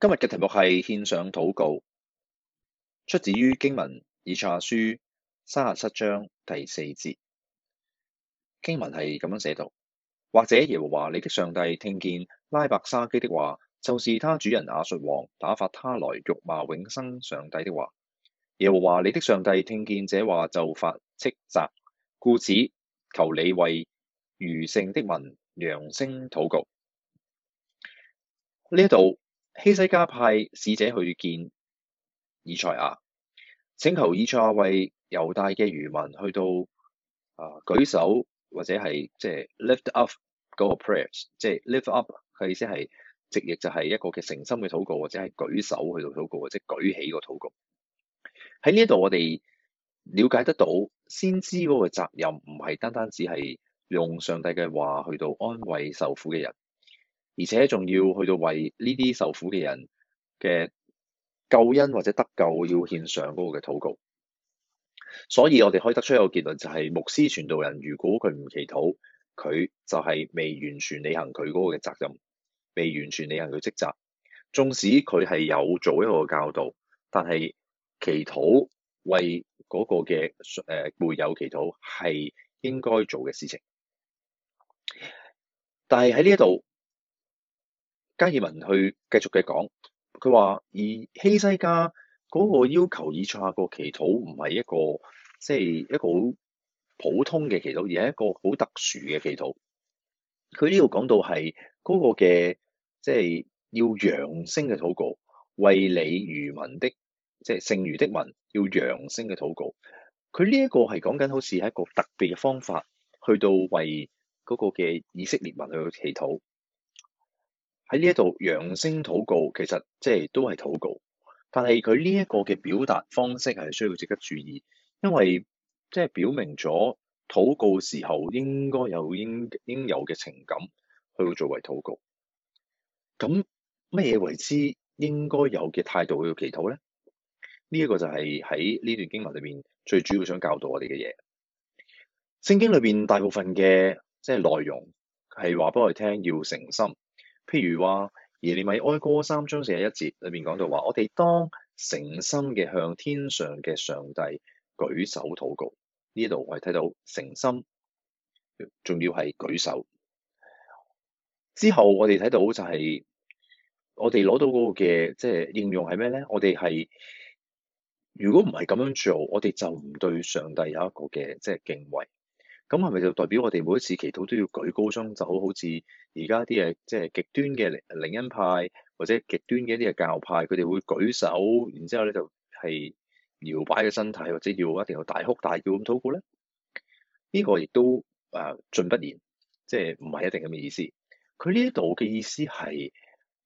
今日嘅題目係獻上禱告，出自於經文以賽亞書三十七章第四節。經文係咁樣寫道：或者耶和華你的上帝聽見拉伯沙基的話，就是他主人亞述王打發他來辱罵永生上帝的話。耶和華你的上帝聽見這話就發斥責，故此求你為餘剩的民揚聲禱告。呢一度。希西家派使者去見以賽亞，請求以賽亞為猶大嘅餘民去到啊、呃、舉手或者係即係 lift up 嗰個 prayer，s 即係 lift up 佢意思係直譯就係一個嘅誠心嘅禱告，或者係舉手去到禱告或者舉起個禱告。喺呢一度我哋了解得到先知嗰個責任唔係單單只係用上帝嘅話去到安慰受苦嘅人。而且仲要去到為呢啲受苦嘅人嘅救恩或者得救要獻上嗰個嘅禱告，所以我哋可以得出一個結論，就係牧師傳道人如果佢唔祈禱，佢就係未完全履行佢嗰個嘅責任，未完全履行佢職責，縱使佢係有做一個教導，但係祈禱為嗰個嘅誒、呃、會友祈禱係應該做嘅事情。但係喺呢一度。加爾文去繼續嘅講，佢話而希西家嗰個要求以賽亞個祈禱唔係一個即係、就是、一個好普通嘅祈禱，而係一個好特殊嘅祈禱。佢呢度講到係嗰個嘅即係要揚聲嘅禱告，為你餘民的即係剩餘的民要揚聲嘅禱告。佢呢一個係講緊好似係一個特別嘅方法，去到為嗰個嘅以色列民去祈禱。喺呢一度揚聲禱告，其實即係都係禱告，但係佢呢一個嘅表達方式係需要值得注意，因為即係表明咗禱告時候應該有應應有嘅情感去作為禱告。咁乜嘢為之應該有嘅態度去祈禱咧？呢一個就係喺呢段經文裏面最主要想教導我哋嘅嘢。聖經裏邊大部分嘅即係內容係話俾我哋聽要誠心。譬如話，耶利米哀歌三章四十一節裏面講到話，我哋當誠心嘅向天上嘅上帝舉手禱告。呢度我哋睇到誠心，仲要係舉手。之後我哋睇到就係，我哋攞到嗰個嘅，即係，應用係咩咧？我哋係如果唔係咁樣做，我哋就唔對上帝有一個嘅即係敬畏。咁係咪就代表我哋每一次祈禱都要舉高雙手就好？好似而家啲嘢，即係極端嘅靈恩派或者極端嘅一啲嘅教派，佢哋會舉手，然之後咧就係搖擺嘅身體，或者要一定要大哭大叫咁禱告咧？呢、這個亦都啊，盡不然，即係唔係一定咁嘅意思。佢呢一度嘅意思係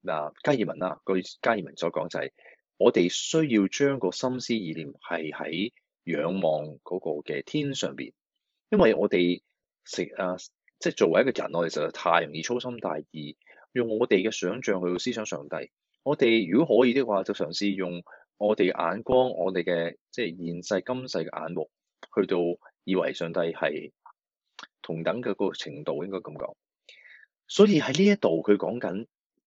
嗱、啊，加爾文啦，據加爾文所講就係，我哋需要將個心思意念係喺仰望嗰個嘅天上邊。.因為我哋食啊，即係作為一個人，我哋實在太容易粗心大意，用我哋嘅想像去到思想上帝。我哋如果可以的話，就嘗試用我哋眼光、我哋嘅即係現世今世嘅眼目，去到以為上帝係同等嘅個程度，應該咁講。所以喺呢一度，佢講緊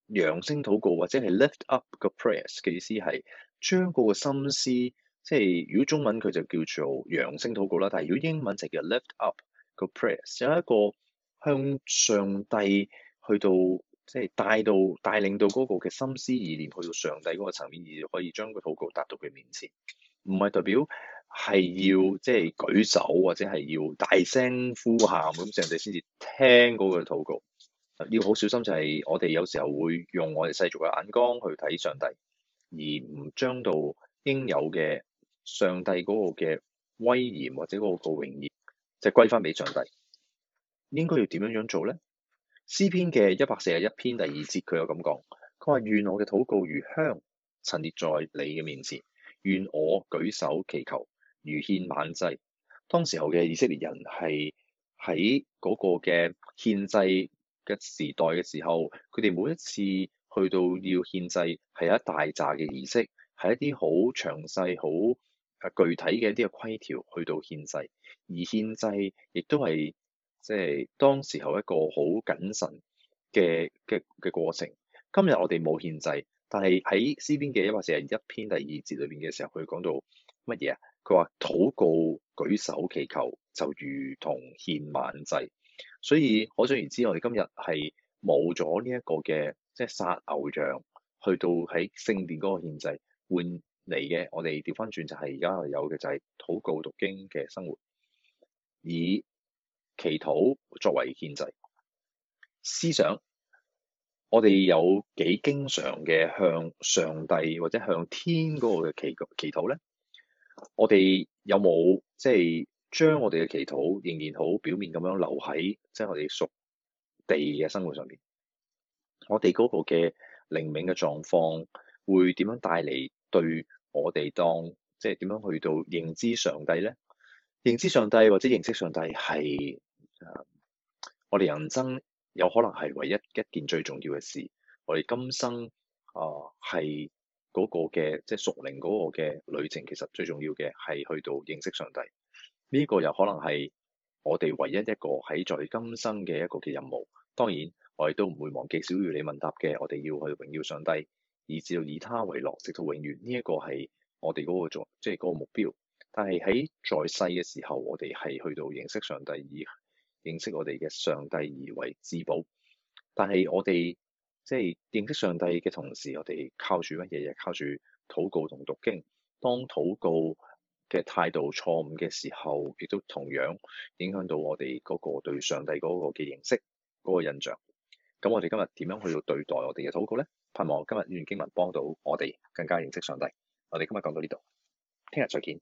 揚聲禱告或者係 lift up 嘅 prayers 嘅意思係將個心思。即係如果中文佢就叫做揚聲禱告啦，但係如果英文就叫 lift up 個 prayer，有一個向上帝去到即係帶到帶領到嗰個嘅心思意念去到上帝嗰個層面，而可以將個禱告達到佢面前。唔係代表係要即係、就係、舉手或者係要大聲呼喊咁，人哋先至聽嗰個禱告。要好小心就係我哋有時候會用我哋世俗嘅眼光去睇上帝，而唔將到應有嘅。上帝嗰個嘅威嚴或者嗰個榮耀，就係歸翻俾上帝，應該要點樣樣做咧？詩篇嘅一百四十一篇第二節佢又咁講，佢話，願我嘅禱告如香陳列在你嘅面前，願我舉手祈求如獻晚祭。當時候嘅以色列人係喺嗰個嘅獻祭嘅時代嘅時候，佢哋每一次去到要獻祭係有一大扎嘅儀式，係一啲好詳細好。啊，具體嘅一啲嘅規條去到獻祭，而獻祭亦都係即係當時候一個好謹慎嘅嘅嘅過程。今日我哋冇獻祭，但係喺《詩篇》嘅一百四十一篇第二節裏邊嘅時候，佢講到乜嘢啊？佢話禱告舉手祈求就如同獻晚祭，所以可想而知我，我哋今日係冇咗呢一個嘅，即係殺牛羊，去到喺聖殿嗰個獻祭換。嚟嘅，我哋調翻轉就係而家有嘅就係禱告讀經嘅生活，以祈禱作為獻祭思想。我哋有幾經常嘅向上帝或者向天嗰個嘅祈禱祈禱咧？我哋有冇即係將我哋嘅祈禱仍然好表面咁樣留喺即係我哋屬地嘅生活上邊？我哋嗰個嘅靈命嘅狀況會點樣帶嚟？對我哋當即係點樣去到認知上帝咧？認知上帝或者認識上帝係我哋人生有可能係唯一一件最重要嘅事。我哋今生啊，係嗰個嘅即係屬靈嗰個嘅旅程，其實最重要嘅係去到認識上帝。呢、這個又可能係我哋唯一一個喺在，在今生嘅一個嘅任務。當然，我哋都唔會忘記小要理問答嘅，我哋要去榮耀上帝。而至到以他為樂，直到永遠呢一個係我哋嗰個做，即係嗰個目標。但係喺在世嘅時候，我哋係去到認識上帝，而認識我哋嘅上帝而為至寶。但係我哋即係認識上帝嘅同時，我哋靠住乜嘢？日日靠住禱告同讀經。當禱告嘅態度錯誤嘅時候，亦都同樣影響到我哋嗰個對上帝嗰個嘅認識，嗰個印象。咁我哋今日點樣去對待我哋嘅禱告咧？盼望今日呢段經文幫到我哋更加認識上帝。我哋今日講到呢度，聽日再見。